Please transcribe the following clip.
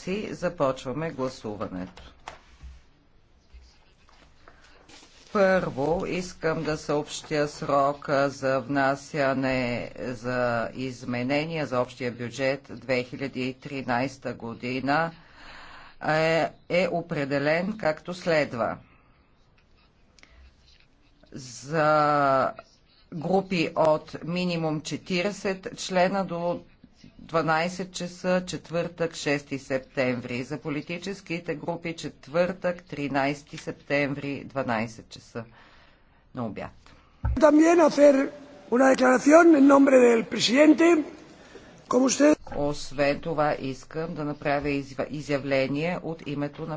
си започваме гласуването. Първо искам да съобщя срока за внасяне за изменения за общия бюджет 2013 година е, е определен както следва. За групи от минимум 40 члена до 12 часа, четвъртък, 6 септември. За политическите групи четвъртък, 13 септември, 12 часа на обяд. Освен това искам да направя изявление от името на